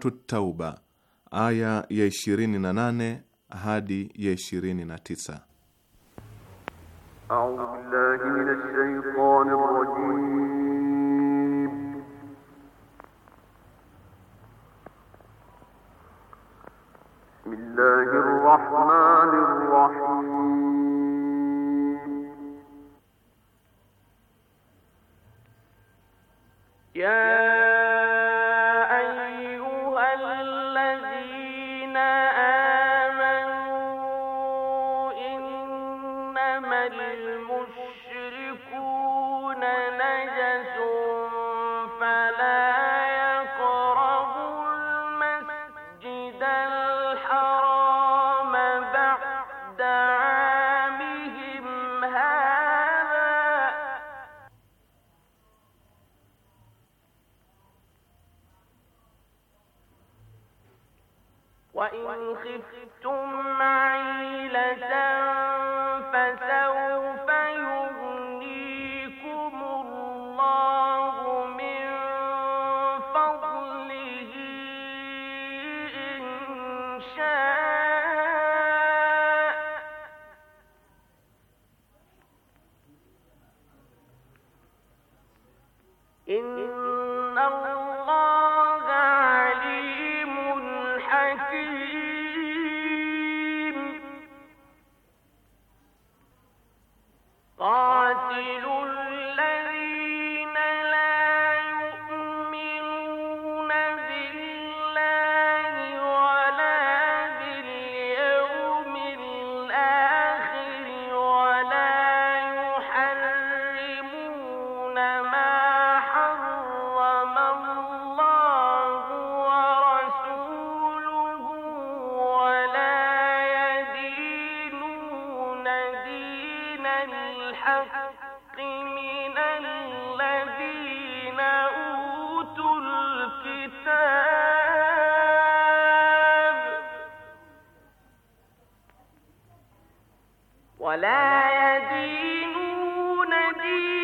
Suratu Tauba aya ya 28 hadi ya 29. na tisa ولا يدينون دين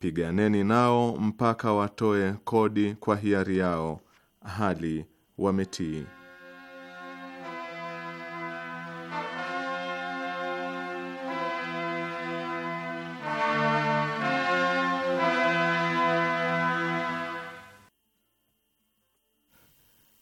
piganeni nao mpaka watoe kodi kwa hiari yao hali wametii.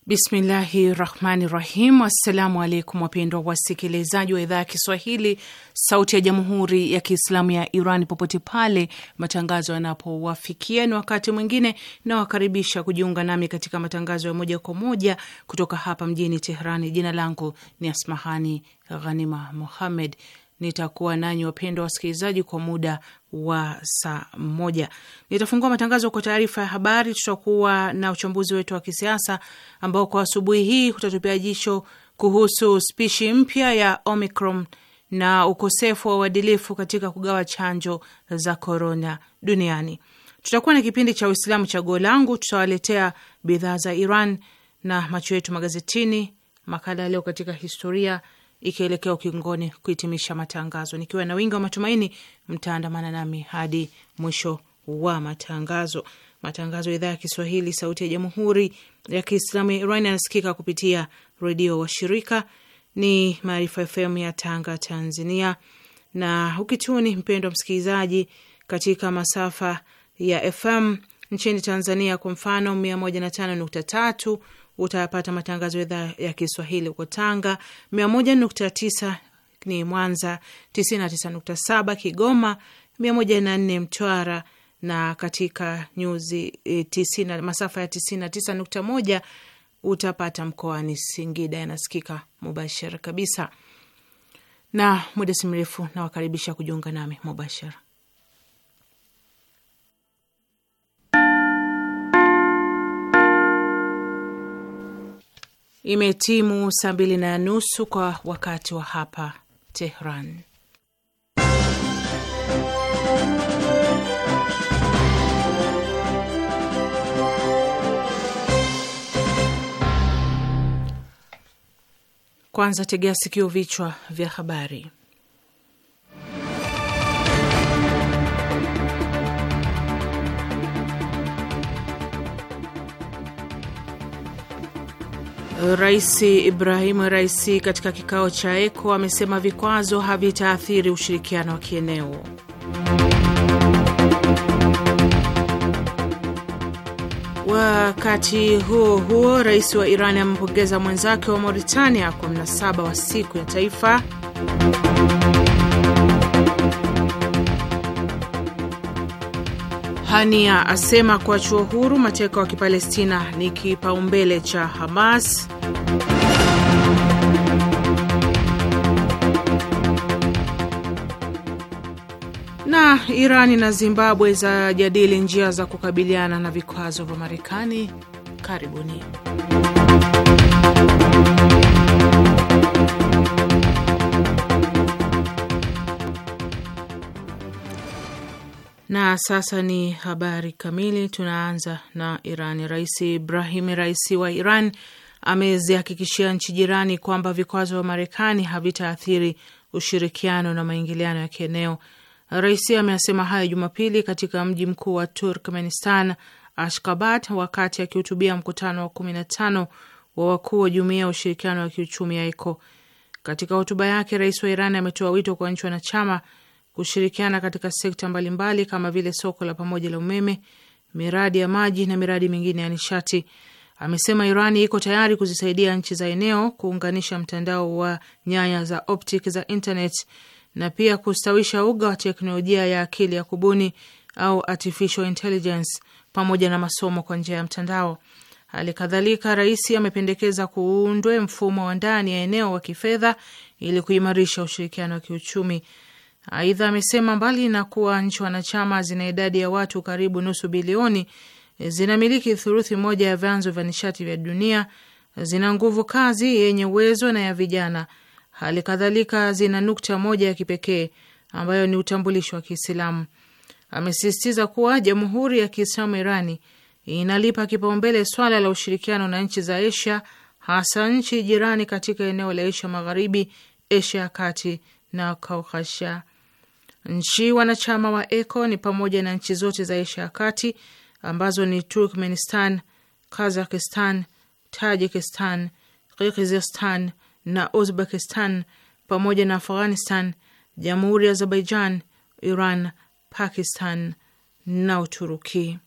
Bismillahi rahmani rahim. Assalamu alaikum wapendwa wasikilizaji wa idhaa ya Kiswahili sauti ya jamhuri ya Kiislamu ya Iran popote pale matangazo yanapowafikia, ni wakati mwingine nawakaribisha kujiunga nami katika matangazo ya moja kwa moja kutoka hapa mjini teherani Jina langu ni Asmahani Ghanima Muhammed nitakuwa nanyi wapendwa wasikilizaji, kwa muda wa saa moja. Nitafungua matangazo kwa taarifa ya habari. Tutakuwa na uchambuzi wetu wa kisiasa ambao kwa asubuhi hii utatupia jicho kuhusu spishi mpya ya Omicron na ukosefu wa uadilifu katika kugawa chanjo za korona duniani. Tutakuwa na kipindi cha Uislamu chaguo langu, tutawaletea bidhaa za Iran na macho yetu magazetini, makala yaleo leo katika historia ikielekea ukingoni kuhitimisha matangazo. Nikiwa na wingi wa matumaini, mtaandamana nami hadi mwisho wa matangazo. Matangazo ya idhaa ya Kiswahili sauti ya jamhuri ya Kiislamu ya Iran yanasikika kupitia redio wa shirika ni Maarifa FM ya Tanga, Tanzania, na ukituni mpendwa msikilizaji, katika masafa ya FM nchini Tanzania, kwa mfano tatu utayapata matangazo ya idhaa ya Kiswahili huko Tanga, 101.9 ni Mwanza, 99.7 Kigoma, 104 Mtwara na katika nyuzi e, tisina, masafa ya 99.1 utapata mkoani Singida, yanasikika mubashara kabisa. Na muda si mrefu nawakaribisha kujiunga nami mubashara Imetimu saa mbili na nusu kwa wakati wa hapa Tehran. Kwanza tegea sikio, vichwa vya habari. Rais Ibrahimu Raisi katika kikao cha ECO amesema vikwazo havitaathiri ushirikiano wa kieneo. Wakati huo huo, rais wa Iran amempongeza mwenzake wa Mauritania kwa mnasaba wa siku ya taifa Ania asema kuachua huru mateka wa Kipalestina ni kipaumbele cha Hamas. Na Irani na Zimbabwe zajadili njia za kukabiliana na vikwazo vya Marekani. Karibuni. Na sasa ni habari kamili. Tunaanza na Iran. Rais Ibrahim Raisi wa Iran amezihakikishia nchi jirani kwamba vikwazo vya Marekani havitaathiri ushirikiano na maingiliano ya kieneo. Raisi ameyasema hayo Jumapili katika mji mkuu wa Turkmenistan, Ashkabat, wakati akihutubia mkutano wa 15 wa wakuu wa jumuia ya ushirikiano wa kiuchumi AICO. Katika hotuba yake, rais wa Iran ametoa wito kwa nchi wanachama kushirikiana katika sekta mbalimbali kama vile soko la pamoja la umeme, miradi ya maji na miradi mingine ya nishati. Amesema Irani iko tayari kuzisaidia nchi za eneo kuunganisha mtandao wa nyaya za optic za internet na pia kustawisha uga wa teknolojia ya akili ya kubuni au artificial intelligence pamoja na masomo kwa njia ya mtandao. Hali kadhalika, rais amependekeza kuundwe mfumo wa ndani ya eneo wa kifedha ili kuimarisha ushirikiano wa kiuchumi. Aidha amesema mbali na kuwa nchi wanachama zina idadi ya watu karibu nusu bilioni, zinamiliki thuruthi moja ya vyanzo vya nishati vya dunia, zina nguvu kazi yenye uwezo na ya vijana. Hali kadhalika zina nukta moja ya kipekee ambayo ni utambulisho wa Kiislamu. Amesisitiza kuwa Jamhuri ya Kiislamu Irani inalipa kipaumbele swala la ushirikiano na nchi za Asia, hasa nchi jirani katika eneo la Asia Magharibi, Asia ya Kati na Kaukasha. Nchi wanachama wa ECO ni pamoja na nchi zote za Asia ya Kati ambazo ni Turkmenistan, Kazakistan, Tajikistan, Kirgizistan na Uzbekistan, pamoja na Afghanistan, Jamhuri ya Azerbaijan, Iran, Pakistan na Uturuki.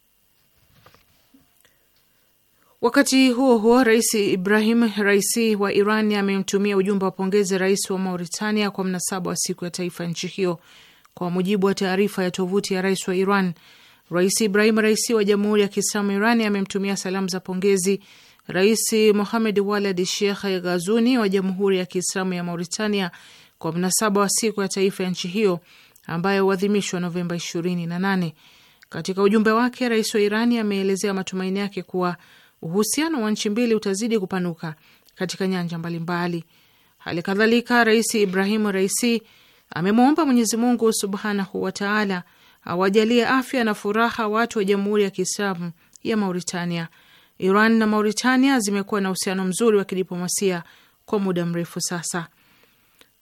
Wakati huo huo, Rais Ibrahim Raisi wa Iran amemtumia ujumbe wa pongezi rais wa Mauritania kwa mnasaba wa siku ya taifa nchi hiyo. Kwa mujibu wa taarifa ya tovuti ya rais wa Iran, Rais Ibrahim Raisi wa Jamhuri ya Kiislamu Irani amemtumia salamu za pongezi Rais Mohamed Walad Sheikh Ghazuni wa Jamhuri ya Kiislamu ya Mauritania kwa mnasaba wa siku ya taifa ya nchi hiyo ambayo huadhimishwa Novemba 28. Katika ujumbe wake, rais wa Irani ameelezea matumaini yake kuwa uhusiano wa nchi mbili utazidi kupanuka katika nyanja mbalimbali. Hali kadhalika, Rais Ibrahimu Raisi amemwomba Mwenyezi Mungu subhanahu wataala awajalie afya na furaha watu wa Jamhuri ya Kiislamu ya Mauritania. Iran na Mauritania zimekuwa na uhusiano mzuri wa kidiplomasia kwa muda mrefu sasa.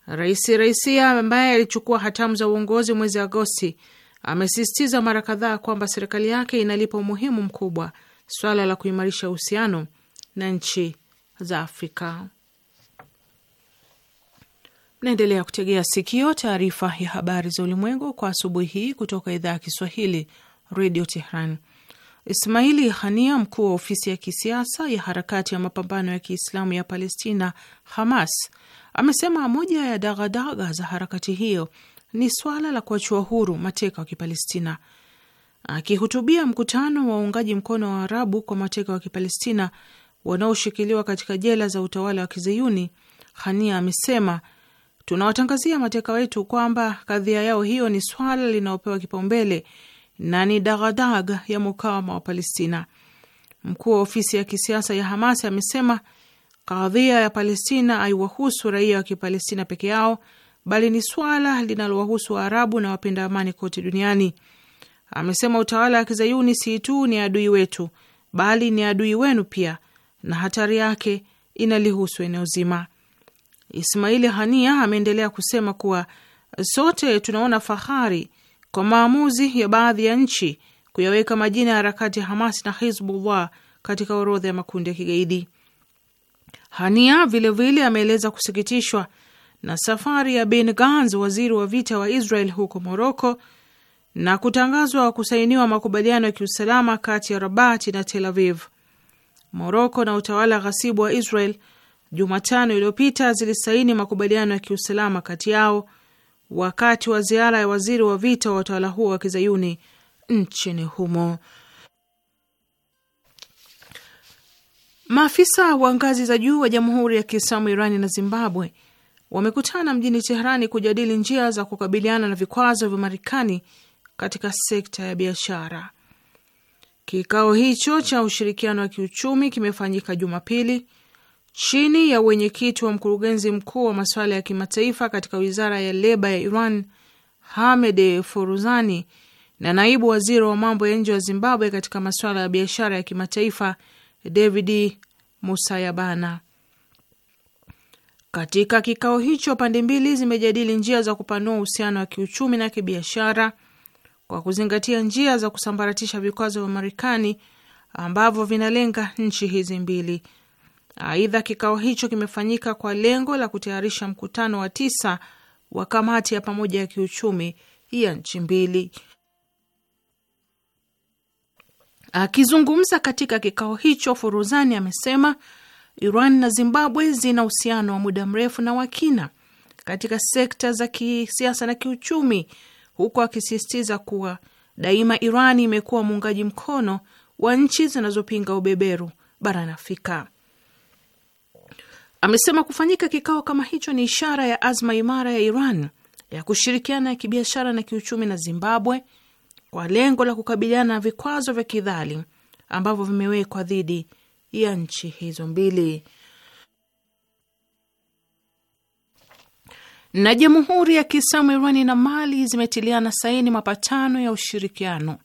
Rais Raisia ambaye alichukua hatamu za uongozi mwezi Agosti amesisitiza mara kadhaa kwamba serikali yake inalipa umuhimu mkubwa swala la kuimarisha uhusiano na nchi za Afrika. Naendelea kutegea sikio taarifa ya habari za ulimwengu kwa asubuhi hii kutoka idhaa ya Kiswahili Radio Tehran. Ismaili Hania, mkuu wa ofisi ya kisiasa ya harakati ya mapambano ya kiislamu ya Palestina, Hamas, amesema moja ya dagadaga za harakati hiyo ni swala la kuachua huru mateka wa Kipalestina. Akihutubia mkutano wa uungaji mkono wa Arabu kwa mateka wa Kipalestina wanaoshikiliwa katika jela za utawala wa Kizayuni, Hania amesema tunawatangazia mateka wetu kwamba kadhia yao hiyo ni swala linaopewa kipaumbele na ni dagadag ya mukawama wa Palestina. Mkuu wa ofisi ya kisiasa ya Hamas amesema kadhia ya Palestina haiwahusu raia wa Kipalestina peke yao, bali ni swala linalowahusu Waarabu na wapenda amani kote duniani. Amesema utawala wa kizayuni si tu ni adui wetu, bali ni adui wenu pia, na hatari yake inalihusu eneo zima. Ismaili Hania ameendelea kusema kuwa sote tunaona fahari kwa maamuzi ya baadhi ya nchi kuyaweka majina ya harakati ya Hamas na Hizbullah katika orodha ya makundi ya kigaidi. Hania vilevile ameeleza kusikitishwa na safari ya Ben Gans, waziri wa vita wa Israel, huko Moroko na kutangazwa kusainiwa makubaliano ya kiusalama kati ya Rabati na Tel Aviv. Moroko na utawala ghasibu wa Israel Jumatano iliyopita zilisaini makubaliano ya kiusalama kati yao wakati wa ziara ya waziri wa vita wa utawala huo wa kizayuni nchini humo. Maafisa wa ngazi za juu wa Jamhuri ya Kiislamu Irani na Zimbabwe wamekutana mjini Teherani kujadili njia za kukabiliana na vikwazo vya Marekani katika sekta ya biashara. Kikao hicho cha ushirikiano wa kiuchumi kimefanyika Jumapili chini ya wenyekiti wa mkurugenzi mkuu wa masuala ya kimataifa katika wizara ya leba ya Iran Hamed Foruzani na naibu waziri wa mambo ya nje wa Zimbabwe katika masuala ya biashara ya kimataifa David Musayabana. Katika kikao hicho, pande mbili zimejadili njia za kupanua uhusiano wa kiuchumi na kibiashara kwa kuzingatia njia za kusambaratisha vikwazo vya Marekani ambavyo vinalenga nchi hizi mbili. Aidha, kikao hicho kimefanyika kwa lengo la kutayarisha mkutano wa tisa wa kamati ya pamoja ya kiuchumi ya nchi mbili. Akizungumza katika kikao hicho, Furuzani amesema Iran na Zimbabwe zina uhusiano wa muda mrefu na wakina katika sekta za kisiasa na kiuchumi, huku akisisitiza kuwa daima Iran imekuwa muungaji mkono wa nchi zinazopinga ubeberu barani Afrika amesema kufanyika kikao kama hicho ni ishara ya azma imara ya Iran ya kushirikiana ya kibiashara na kiuchumi na Zimbabwe kwa lengo la kukabiliana na vikwazo vya kidhali ambavyo vimewekwa dhidi ya nchi hizo mbili. Na Jamhuri ya Kiislamu Irani na Mali zimetiliana saini mapatano ya ushirikiano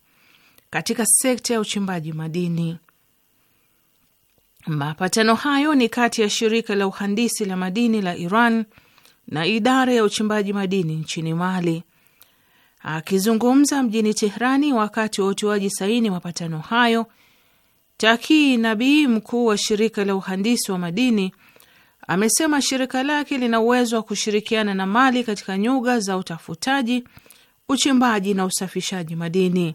katika sekta ya uchimbaji madini. Mapatano hayo ni kati ya shirika la uhandisi la madini la Iran na idara ya uchimbaji madini nchini Mali. Akizungumza mjini Tehrani wakati wa utoaji saini mapatano hayo, Taki Nabii, mkuu wa shirika la uhandisi wa madini, amesema shirika lake lina uwezo wa kushirikiana na Mali katika nyuga za utafutaji, uchimbaji na usafishaji madini.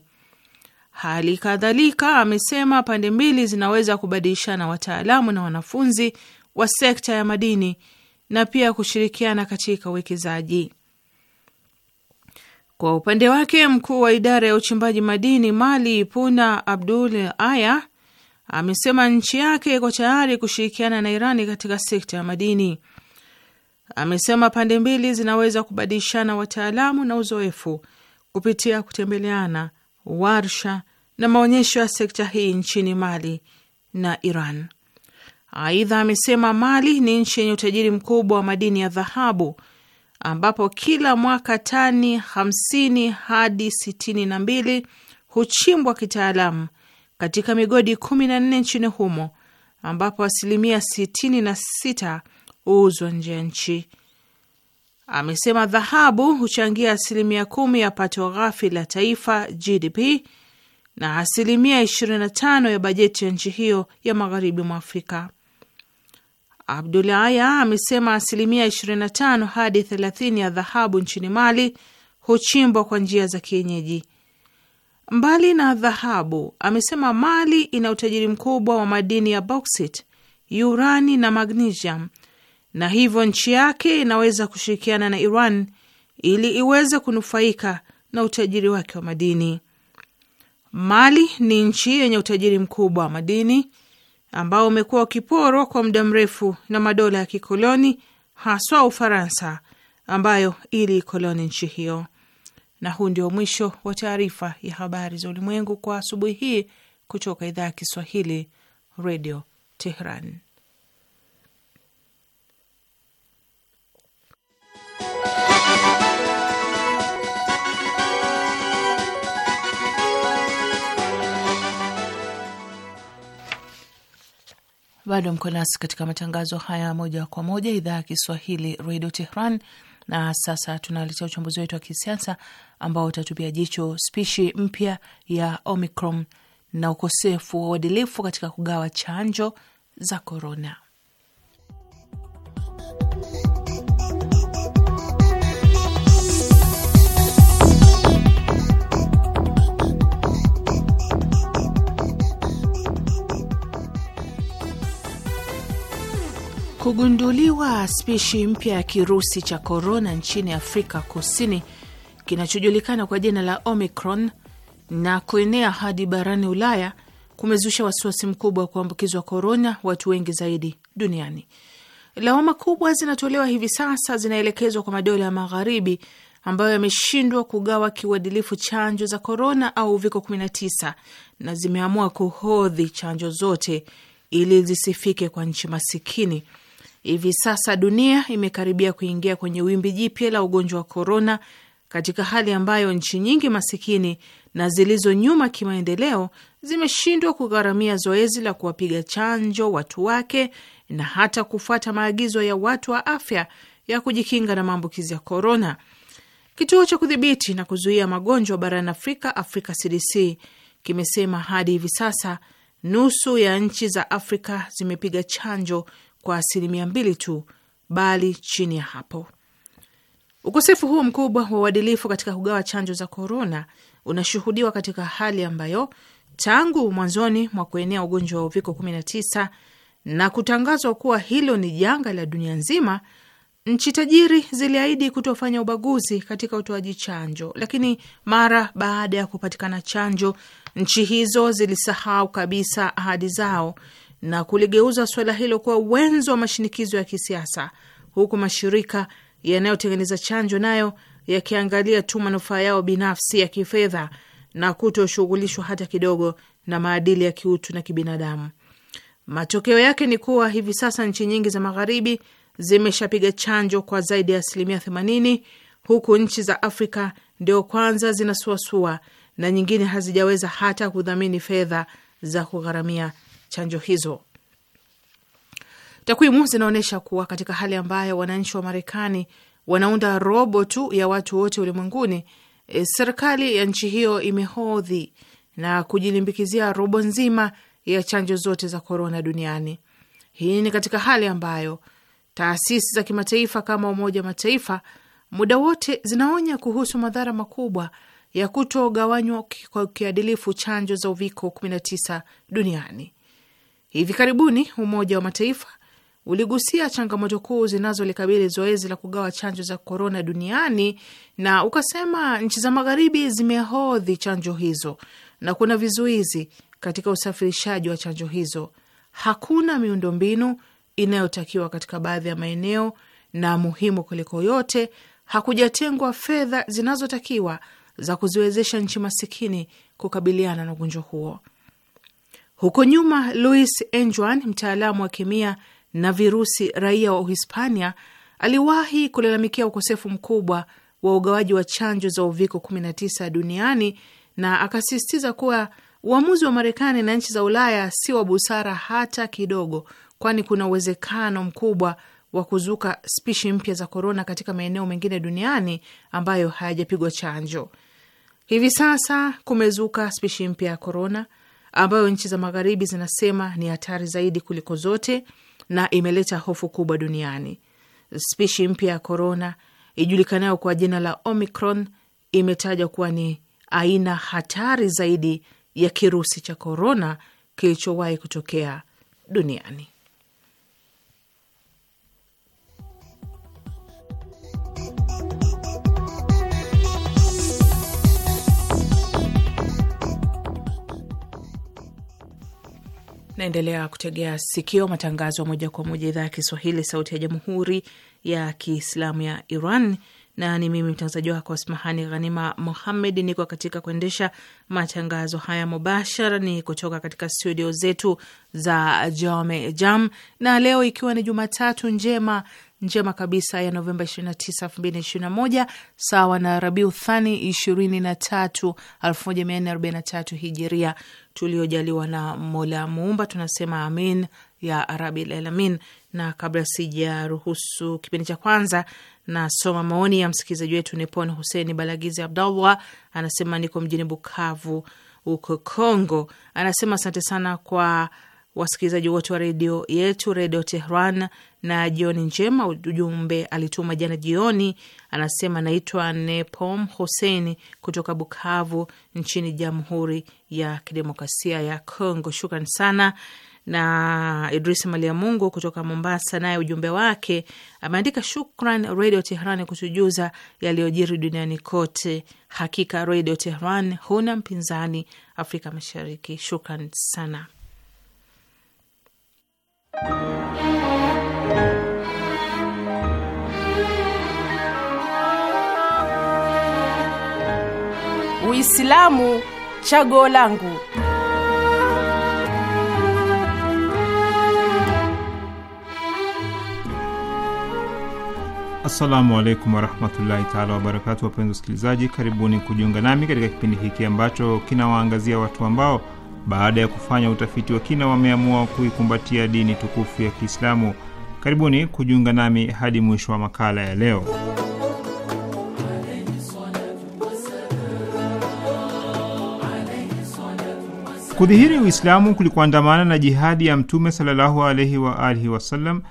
Hali kadhalika amesema pande mbili zinaweza kubadilishana wataalamu na wanafunzi wa sekta ya madini na pia kushirikiana katika uwekezaji. Kwa upande wake, mkuu wa idara ya uchimbaji madini Mali, Puna Abdul Aya, amesema nchi yake iko tayari kushirikiana na Irani katika sekta ya madini. Amesema pande mbili zinaweza kubadilishana wataalamu na uzoefu kupitia kutembeleana warsha na maonyesho ya sekta hii nchini Mali na Iran. Aidha, amesema Mali ni nchi yenye utajiri mkubwa wa madini ya dhahabu ambapo kila mwaka tani 50 hadi 62 huchimbwa kitaalamu katika migodi 14 nchini humo ambapo asilimia 66 huuzwa nje ya nchi. Amesema dhahabu huchangia asilimia kumi ya pato ghafi la taifa GDP na asilimia 25 ya bajeti ya nchi hiyo ya magharibi mwa Afrika. Abdulaya amesema asilimia 25 hadi 30 ya dhahabu nchini Mali huchimbwa kwa njia za kienyeji. Mbali na dhahabu, amesema Mali ina utajiri mkubwa wa madini ya bauxit, urani na magnesium, na hivyo nchi yake inaweza kushirikiana na Iran ili iweze kunufaika na utajiri wake wa madini. Mali ni nchi yenye utajiri mkubwa wa madini ambao umekuwa ukiporwa kwa muda mrefu na madola ya kikoloni haswa Ufaransa ambayo ili ikoloni nchi hiyo. Na huu ndio mwisho wa taarifa ya habari za ulimwengu kwa asubuhi hii kutoka idhaa ya Kiswahili, Redio Tehran. Bado mko nasi katika matangazo haya moja kwa moja, idhaa ya Kiswahili redio Tehran. Na sasa tunaletea uchambuzi wetu wa kisiasa ambao utatupia jicho spishi mpya ya Omicron na ukosefu wa uadilifu katika kugawa chanjo za korona. Kugunduliwa spishi mpya ya kirusi cha korona nchini Afrika Kusini kinachojulikana kwa jina la Omicron na kuenea hadi barani Ulaya kumezusha wasiwasi mkubwa wa kuambukizwa korona watu wengi zaidi duniani. Lawama kubwa zinatolewa hivi sasa, zinaelekezwa kwa madola ya Magharibi ambayo yameshindwa kugawa kiuadilifu chanjo za korona au uviko 19 na zimeamua kuhodhi chanjo zote ili zisifike kwa nchi masikini Hivi sasa dunia imekaribia kuingia kwenye wimbi jipya la ugonjwa wa korona, katika hali ambayo nchi nyingi masikini na zilizo nyuma kimaendeleo zimeshindwa kugharamia zoezi la kuwapiga chanjo watu wake na hata kufuata maagizo ya watu wa afya ya kujikinga na maambukizi ya korona. Kituo cha kudhibiti na kuzuia magonjwa barani Afrika, Africa CDC, kimesema hadi hivi sasa nusu ya nchi za Afrika zimepiga chanjo kwa asilimia mbili tu, bali chini ya hapo. Ukosefu huu mkubwa wa uadilifu katika kugawa chanjo za korona unashuhudiwa katika hali ambayo tangu mwanzoni mwa kuenea ugonjwa wa uviko 19 na kutangazwa kuwa hilo ni janga la dunia nzima, nchi tajiri ziliahidi kutofanya ubaguzi katika utoaji chanjo, lakini mara baada ya kupatikana chanjo, nchi hizo zilisahau kabisa ahadi zao na kuligeuza suala hilo kuwa wenzo wa mashinikizo ya kisiasa, huku mashirika yanayotengeneza chanjo nayo yakiangalia tu manufaa yao binafsi ya kifedha na kutoshughulishwa hata kidogo na maadili ya kiutu na kibinadamu. Matokeo yake ni kuwa hivi sasa nchi nyingi za magharibi zimeshapiga chanjo kwa zaidi ya asilimia themanini huku nchi za Afrika ndio kwanza zinasuasua na nyingine hazijaweza hata kudhamini fedha za kugharamia chanjo hizo. Takwimu zinaonyesha kuwa katika hali ambayo wananchi wa Marekani wanaunda robo tu ya watu wote ulimwenguni, e, serikali ya nchi hiyo imehodhi na kujilimbikizia robo nzima ya chanjo zote za korona duniani. Hii ni katika hali ambayo taasisi za kimataifa kama Umoja wa Mataifa muda wote zinaonya kuhusu madhara makubwa ya kutogawanywa kwa kiadilifu chanjo za uviko 19 duniani. Hivi karibuni Umoja wa Mataifa uligusia changamoto kuu zinazolikabili zoezi la kugawa chanjo za korona duniani na ukasema nchi za magharibi zimehodhi chanjo hizo na kuna vizuizi katika usafirishaji wa chanjo hizo. Hakuna miundombinu inayotakiwa katika baadhi ya maeneo, na muhimu kuliko yote, hakujatengwa fedha zinazotakiwa za kuziwezesha nchi masikini kukabiliana na ugonjwa huo. Huko nyuma, Luis Enjuan, mtaalamu wa kemia na virusi, raia wa Uhispania, aliwahi kulalamikia ukosefu mkubwa wa ugawaji wa chanjo za uviko 19 duniani na akasisitiza kuwa uamuzi wa Marekani na nchi za Ulaya si wa busara hata kidogo, kwani kuna uwezekano mkubwa wa kuzuka spishi mpya za korona katika maeneo mengine duniani ambayo hayajapigwa chanjo. Hivi sasa kumezuka spishi mpya ya korona ambayo nchi za magharibi zinasema ni hatari zaidi kuliko zote na imeleta hofu kubwa duniani. Spishi mpya ya korona ijulikanayo kwa jina la Omicron imetajwa kuwa ni aina hatari zaidi ya kirusi cha korona kilichowahi kutokea duniani. Naendelea kutegea sikio matangazo moja kwa moja idhaa ya Kiswahili, sauti ya jamhuri ya kiislamu ya Iran, na ni mimi mtangazaji wako Asmahani Ghanima muhamed Niko katika kuendesha matangazo haya mubashara, ni kutoka katika studio zetu za Jome Jam, na leo ikiwa ni Jumatatu njema njema kabisa ya Novemba 29, 2021 sawa na Rabiu Thani 23, 1443 hijiria tuliojaliwa na Mola Muumba, tunasema amin ya rabil alamin. Na kabla sijaruhusu kipindi cha kwanza, nasoma maoni ya msikilizaji wetu Nipon Huseni Balagizi Abdallah, anasema niko mjini Bukavu huko Kongo, anasema asante sana kwa wasikilizaji wote wa redio yetu Redio Tehran na jioni njema. Ujumbe alituma jana jioni, anasema naitwa Nepom Hussein kutoka Bukavu nchini Jamhuri ya Kidemokrasia ya Kongo. Shukran sana na Idris Malia Mungu kutoka Mombasa, naye ujumbe wake ameandika shukran Redio Tehran kutujuza yaliyojiri duniani kote. Hakika Redio Tehran huna mpinzani Afrika Mashariki. Shukran sana. Uislamu chaguo langu. Assalamu alaikum warahmatullahi taala wabarakatu, wapenzi wasikilizaji, karibuni kujiunga nami katika kipindi hiki ambacho kinawaangazia watu ambao baada ya kufanya utafiti wa kina, wameamua kuikumbatia dini tukufu ya Kiislamu. Karibuni kujiunga nami hadi mwisho wa makala ya leo. Kudhihiri Uislamu kulikuandamana na jihadi ya Mtume sallallahu alaihi wa alihi wasallam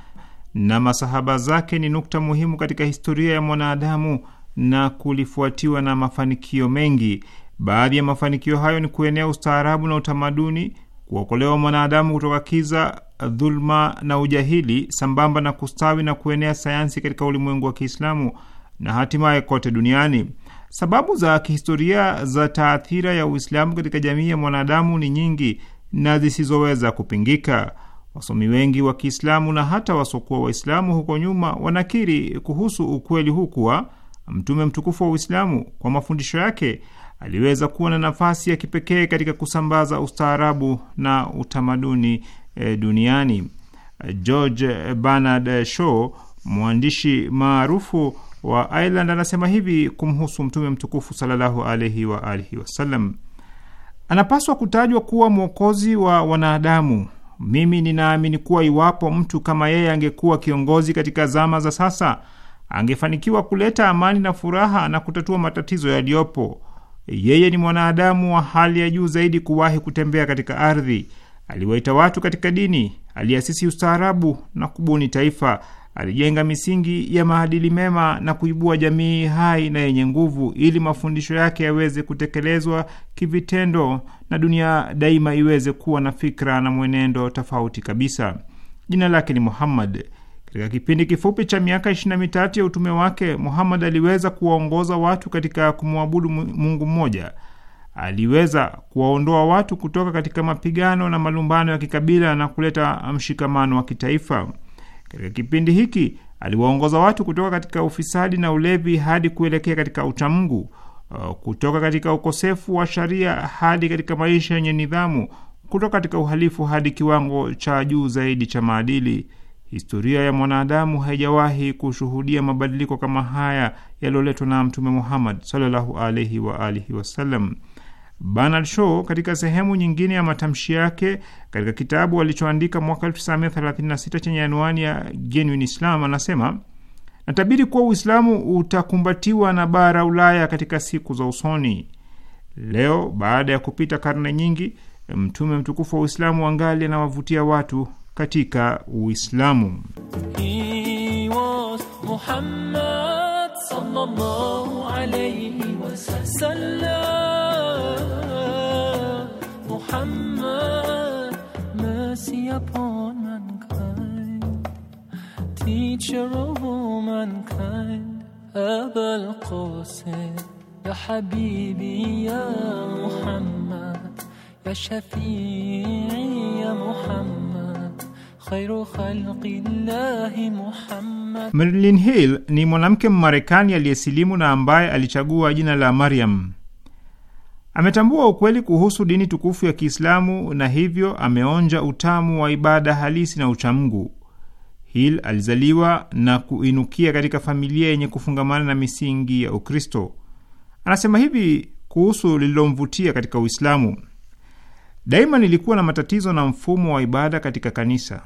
na masahaba zake ni nukta muhimu katika historia ya mwanadamu na kulifuatiwa na mafanikio mengi. Baadhi ya mafanikio hayo ni kuenea ustaarabu na utamaduni, kuokolewa mwanadamu kutoka kiza, dhuluma na ujahili, sambamba na kustawi na kuenea sayansi katika ulimwengu wa Kiislamu na hatimaye kote duniani. Sababu za kihistoria za taathira ya Uislamu katika jamii ya mwanadamu ni nyingi na zisizoweza kupingika. Wasomi wengi wa Kiislamu na hata wasokuwa Waislamu huko nyuma wanakiri kuhusu ukweli huu kuwa Mtume mtukufu wa Uislamu kwa mafundisho yake aliweza kuwa na nafasi ya kipekee katika kusambaza ustaarabu na utamaduni e, duniani. George Bernard Shaw, mwandishi maarufu wa Ireland, anasema hivi kumhusu Mtume mtukufu sallallahu alaihi wa alihi wasallam: anapaswa kutajwa kuwa mwokozi wa wanadamu. Mimi ninaamini kuwa iwapo mtu kama yeye angekuwa kiongozi katika zama za sasa, angefanikiwa kuleta amani na furaha na kutatua matatizo yaliyopo. Yeye ni mwanadamu wa hali ya juu zaidi kuwahi kutembea katika ardhi. Aliwaita watu katika dini, aliasisi ustaarabu na kubuni taifa. Alijenga misingi ya maadili mema na kuibua jamii hai na yenye nguvu, ili mafundisho yake yaweze kutekelezwa kivitendo na dunia daima iweze kuwa na fikra na mwenendo tofauti kabisa. Jina lake ni Muhammad. Katika kipindi kifupi cha miaka ishirini na mitatu ya utume wake, Muhammad aliweza kuwaongoza watu katika kumwabudu Mungu mmoja. Aliweza kuwaondoa watu kutoka katika mapigano na malumbano ya kikabila na kuleta mshikamano wa kitaifa. Katika kipindi hiki aliwaongoza watu kutoka katika ufisadi na ulevi hadi kuelekea katika uchamungu, uh, kutoka katika ukosefu wa sharia hadi katika maisha yenye nidhamu, kutoka katika uhalifu hadi kiwango cha juu zaidi cha maadili. Historia ya mwanadamu haijawahi kushuhudia mabadiliko kama haya yaliyoletwa na Mtume Muhammad sallallahu alaihi wa alihi wasallam. Bernard Shaw katika sehemu nyingine ya matamshi yake katika kitabu alichoandika mwaka 1936 chenye anwani ya Genuine Islam anasema, natabiri kuwa Uislamu utakumbatiwa na bara Ulaya katika siku za usoni. Leo baada ya kupita karne nyingi, mtume mtukufu wa Uislamu angali anawavutia watu katika Uislamu. Ya Shafi'i ya Muhammad Marilyn Hill ni mwanamke Mmarekani aliyesilimu na ambaye alichagua jina la Mariam. Ametambua ukweli kuhusu dini tukufu ya Kiislamu na hivyo ameonja utamu wa ibada halisi na uchamgu. Hill alizaliwa na kuinukia katika familia yenye kufungamana na misingi ya Ukristo. Anasema hivi kuhusu lililomvutia katika Uislamu: Daima nilikuwa na matatizo na mfumo wa ibada katika kanisa.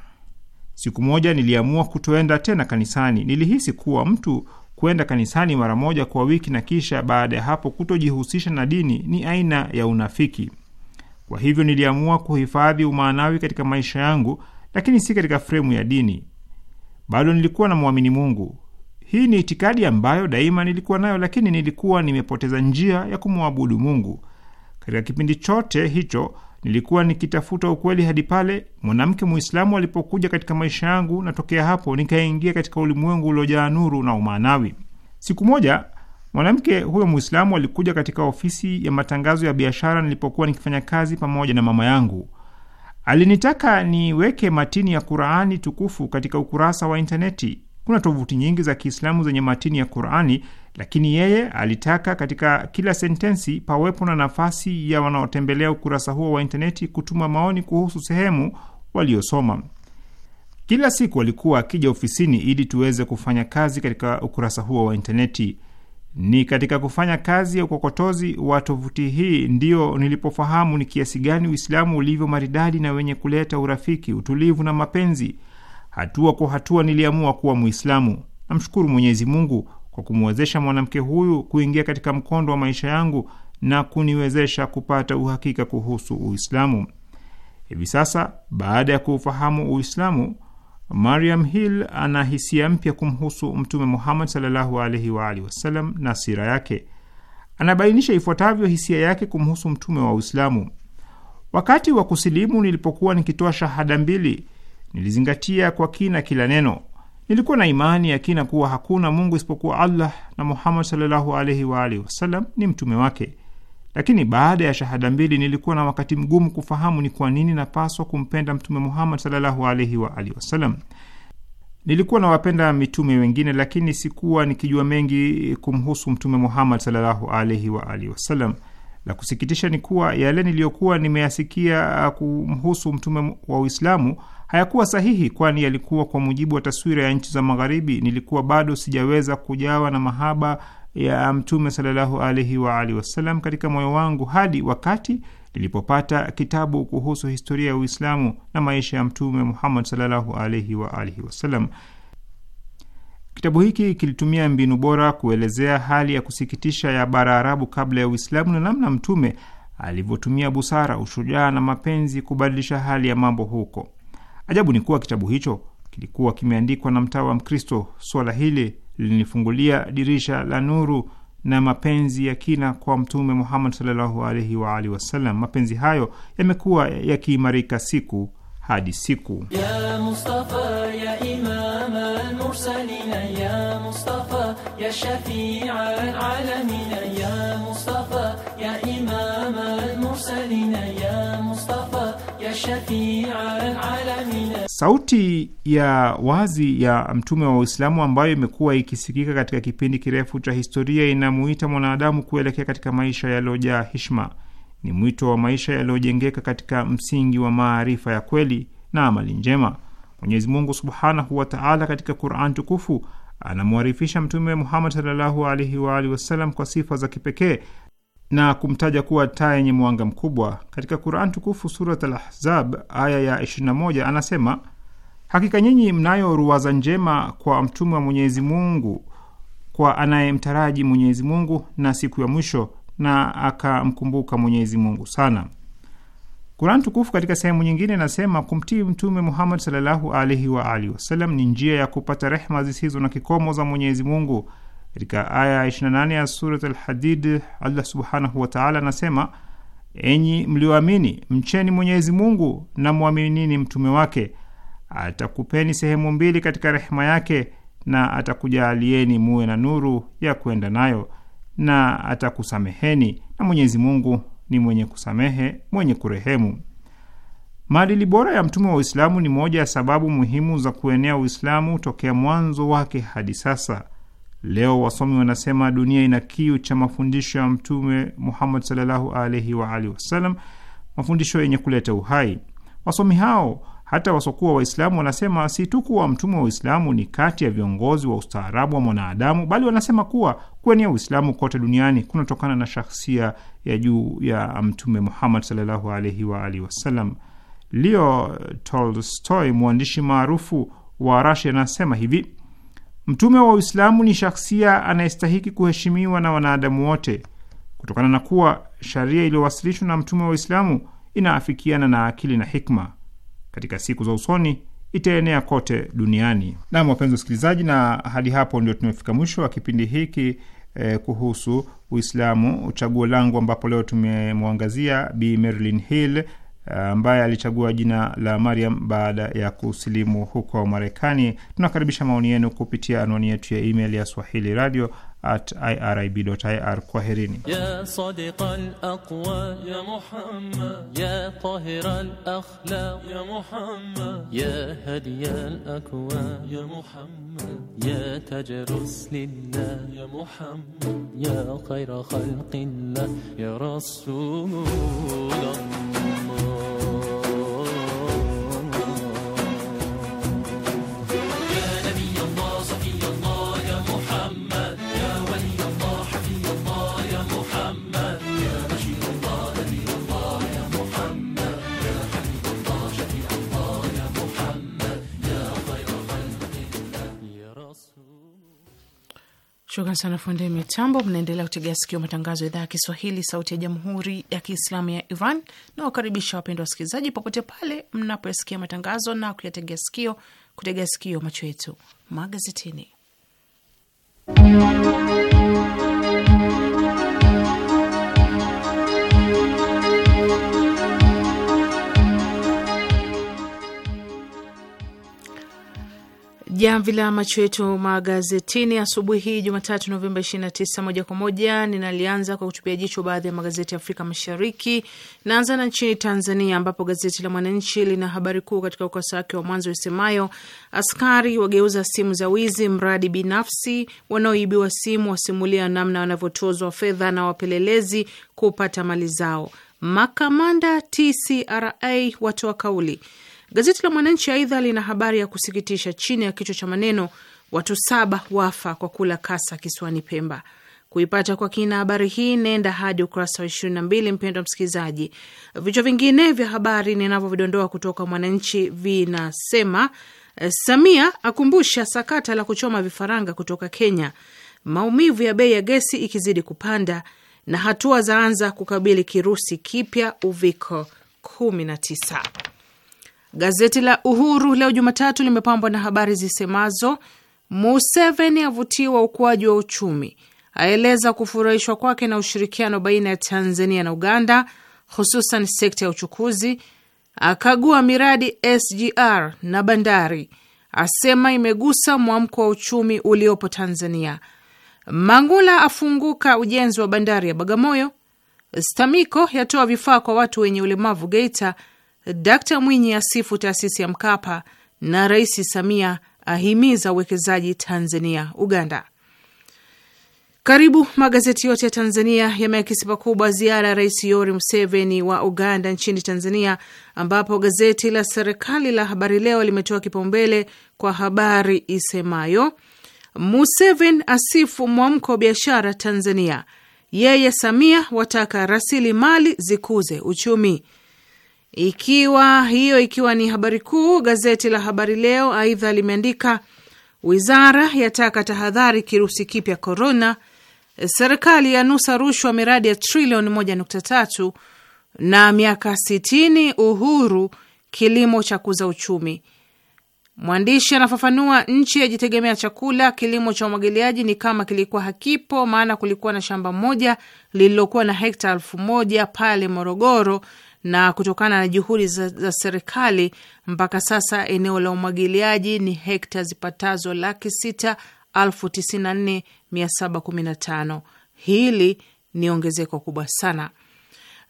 Siku moja niliamua kutoenda tena kanisani. Nilihisi kuwa mtu kwenda kanisani mara moja kwa wiki na kisha baada ya hapo kutojihusisha na dini ni aina ya unafiki. Kwa hivyo niliamua kuhifadhi umaanawi katika maisha yangu, lakini si katika fremu ya dini. Bado nilikuwa na mwamini Mungu. Hii ni itikadi ambayo daima nilikuwa nayo, lakini nilikuwa nimepoteza njia ya kumwabudu Mungu. Katika kipindi chote hicho Nilikuwa nikitafuta ukweli hadi pale mwanamke Muislamu alipokuja katika maisha yangu, na tokea hapo nikaingia katika ulimwengu uliojaa nuru na umaanawi. Siku moja mwanamke huyo Muislamu alikuja katika ofisi ya matangazo ya biashara nilipokuwa nikifanya kazi pamoja na mama yangu. Alinitaka niweke matini ya Qurani tukufu katika ukurasa wa intaneti. Kuna tovuti nyingi za Kiislamu zenye matini ya Qurani, lakini yeye alitaka katika kila sentensi pawepo na nafasi ya wanaotembelea ukurasa huo wa intaneti kutuma maoni kuhusu sehemu waliosoma. Kila siku alikuwa akija ofisini ili tuweze kufanya kazi katika ukurasa huo wa intaneti. Ni katika kufanya kazi ya ukokotozi wa tovuti hii ndiyo nilipofahamu ni kiasi gani Uislamu ulivyo maridadi na wenye kuleta urafiki, utulivu na mapenzi. Hatua kwa hatua niliamua kuwa Muislamu. Namshukuru Mwenyezi Mungu kwa kumwezesha mwanamke huyu kuingia katika mkondo wa maisha yangu na kuniwezesha kupata uhakika kuhusu Uislamu. Hivi sasa baada ya kuufahamu Uislamu, Mariam Hill ana hisia mpya kumhusu Mtume Muhammad sallallahu alaihi wa alihi wasallam na sira yake. Anabainisha ifuatavyo hisia yake kumhusu mtume wa Uislamu: wakati wa kusilimu, nilipokuwa nikitoa shahada mbili, Nilizingatia kwa kina kila neno. Nilikuwa na imani ya kina kuwa hakuna Mungu isipokuwa Allah na Muhammad sallallahu alaihi wa alihi wasallam ni mtume wake. Lakini baada ya shahada mbili nilikuwa na wakati mgumu kufahamu ni kwa nini napaswa kumpenda Mtume Muhammad sallallahu alaihi wa alihi wasallam. Nilikuwa nawapenda mitume wengine, lakini sikuwa nikijua mengi kumhusu Mtume Muhammad sallallahu alaihi wa alihi wasallam. La kusikitisha ni kuwa yale niliyokuwa nimeyasikia kumhusu mtume wa Uislamu hayakuwa sahihi, kwani yalikuwa kwa mujibu wa taswira ya nchi za Magharibi. Nilikuwa bado sijaweza kujawa na mahaba ya Mtume sallallahu alaihi wa alihi wasallam katika moyo wangu hadi wakati nilipopata kitabu kuhusu historia ya Uislamu na maisha ya Mtume Muhammad sallallahu alaihi wa alihi wasallam. Kitabu hiki kilitumia mbinu bora kuelezea hali ya kusikitisha ya bara Arabu kabla ya Uislamu na namna Mtume alivyotumia busara, ushujaa na mapenzi kubadilisha hali ya mambo huko. Ajabu ni kuwa kitabu hicho kilikuwa kimeandikwa na mtawa Mkristo. Suala hili lilinifungulia dirisha la nuru na mapenzi ya kina kwa Mtume Muhammad sallallahu alaihi wa alihi wasallam. Mapenzi hayo yamekuwa yakiimarika siku hadi siku ya ya Sauti ya wazi ya mtume wa Uislamu ambayo imekuwa ikisikika katika kipindi kirefu cha historia inamuita mwanadamu kuelekea katika maisha yaliyojaa hishma. Ni mwito wa maisha yaliyojengeka katika msingi wa maarifa ya kweli na amali njema. Mwenyezi Mungu subhanahu wa taala katika Quran tukufu anamwarifisha Mtume Muhammad sallallahu alaihi wa alihi wasallam kwa sifa za kipekee na kumtaja kuwa taa yenye mwanga mkubwa. Katika Quran tukufu Surat Al-Ahzab aya ya 21 anasema, hakika nyinyi mnayo ruwaza njema kwa mtume wa Mwenyezi Mungu, kwa anayemtaraji Mwenyezi Mungu na siku ya mwisho na akamkumbuka Mwenyezi Mungu sana. Quran tukufu katika sehemu nyingine inasema kumtii Mtume Muhammad sallallahu alaihi wa alihi wasallam ni njia ya kupata rehma zisizo na kikomo za Mwenyezi Mungu katika aya 28 ya Surat Alhadid, Allah subhanahu wataala anasema: enyi mlioamini, mcheni Mwenyezi Mungu na mwaminini mtume wake, atakupeni sehemu mbili katika rehema yake na atakujaalieni muwe na nuru ya kwenda nayo na atakusameheni, na Mwenyezi Mungu ni mwenye kusamehe, mwenye kurehemu. Maadili bora ya mtume wa Uislamu ni moja ya sababu muhimu za kuenea Uislamu tokea mwanzo wake hadi sasa. Leo wasomi wanasema dunia ina kiu cha mafundisho ya Mtume Muhammad sallallahu alaihi wa alihi wasallam, mafundisho yenye kuleta uhai. Wasomi hao hata wasokuwa Waislamu wanasema si tu kuwa mtume wa Uislamu ni kati ya viongozi wa ustaarabu wa mwanadamu, bali wanasema kuwa kuenea Uislamu kote duniani kunatokana na shakhsia ya juu ya Mtume Muhammad sallallahu alaihi wa alihi wasallam. Leo Tolstoy, mwandishi maarufu wa Rasia, anasema hivi Mtume wa Uislamu ni shakhsia anayestahiki kuheshimiwa na wanadamu wote kutokana na kuwa sharia iliyowasilishwa na mtume wa Uislamu inaafikiana na akili na hikma. Katika siku za usoni itaenea kote duniani. Nam, wapenzi wasikilizaji, na hadi hapo ndio tumefika mwisho wa kipindi hiki eh, kuhusu Uislamu Chaguo Langu, ambapo leo tumemwangazia Bi Hill Eh, ambaye alichagua jina la Mariam baada ya kusilimu huko Marekani. Tunakaribisha maoni yenu kupitia anwani yetu ya email ya swahili radio at irib.ir. Kwaherini. Ya ya ya ya ya ya ya ya ya ya Rasulullah Shukran sana fundi mitambo. Mnaendelea kutegea sikio matangazo ya idhaa ya Kiswahili, sauti ya jamhuri ya kiislamu ya Iran na wakaribisha wapendwa wasikilizaji popote pale mnapoyasikia matangazo na kuyategea sikio, kutegea sikio macho yetu magazetini Jamvi la macho yetu magazetini asubuhi hii Jumatatu Novemba 29 moja kwa moja ninalianza kwa kutupia jicho baadhi ya magazeti ya Afrika Mashariki. Naanza na nchini Tanzania ambapo gazeti la Mwananchi lina habari kuu katika ukurasa wake wa mwanzo isemayo, askari wageuza simu za wizi mradi binafsi, wanaoibiwa simu wasimulia namna wanavyotozwa fedha na wapelelezi kupata mali zao, makamanda TCRA watoa kauli Gazeti la Mwananchi aidha lina habari ya kusikitisha chini ya kichwa cha maneno watu saba wafa kwa kula kasa kisiwani Pemba. Kuipata kwa kina habari hii nenda hadi ukurasa wa ishirini na mbili, mpendwa msikilizaji. Vichwa vingine vya habari ninavyovidondoa kutoka Mwananchi vinasema eh, Samia akumbusha sakata la kuchoma vifaranga kutoka Kenya, maumivu ya bei ya gesi ikizidi kupanda, na hatua zaanza kukabili kirusi kipya uviko 19. Gazeti la Uhuru leo Jumatatu limepambwa na habari zisemazo: Museveni avutiwa ukuaji wa uchumi, aeleza kufurahishwa kwake na ushirikiano baina ya Tanzania na Uganda, hususan sekta ya uchukuzi, akagua miradi SGR na bandari, asema imegusa mwamko wa uchumi uliopo Tanzania. Mangula afunguka ujenzi wa bandari ya Bagamoyo. Stamiko yatoa vifaa kwa watu wenye ulemavu Geita, Dkt Mwinyi asifu taasisi ya Mkapa na Rais Samia ahimiza uwekezaji Tanzania Uganda. Karibu magazeti yote ya Tanzania yameakisi pakubwa ziara ya Rais Yoweri Museveni wa Uganda nchini Tanzania, ambapo gazeti la serikali la Habari Leo limetoa kipaumbele kwa habari isemayo Museveni asifu mwamko wa biashara Tanzania, yeye Samia wataka rasilimali zikuze uchumi ikiwa hiyo ikiwa ni habari kuu. Gazeti la Habari Leo aidha limeandika wizara yataka tahadhari kirusi kipya korona, serikali yanusa rushwa miradi ya trilioni 1.3 na miaka sitini Uhuru kilimo cha kuza uchumi. Mwandishi anafafanua nchi yajitegemea chakula, kilimo cha umwagiliaji ni kama kilikuwa hakipo, maana kulikuwa na shamba moja lililokuwa na hekta elfu moja pale Morogoro na kutokana na juhudi za, za serikali mpaka sasa eneo la umwagiliaji ni hekta zipatazo laki sita elfu tisini na nne mia saba kumi na tano. Hili ni ongezeko kubwa sana.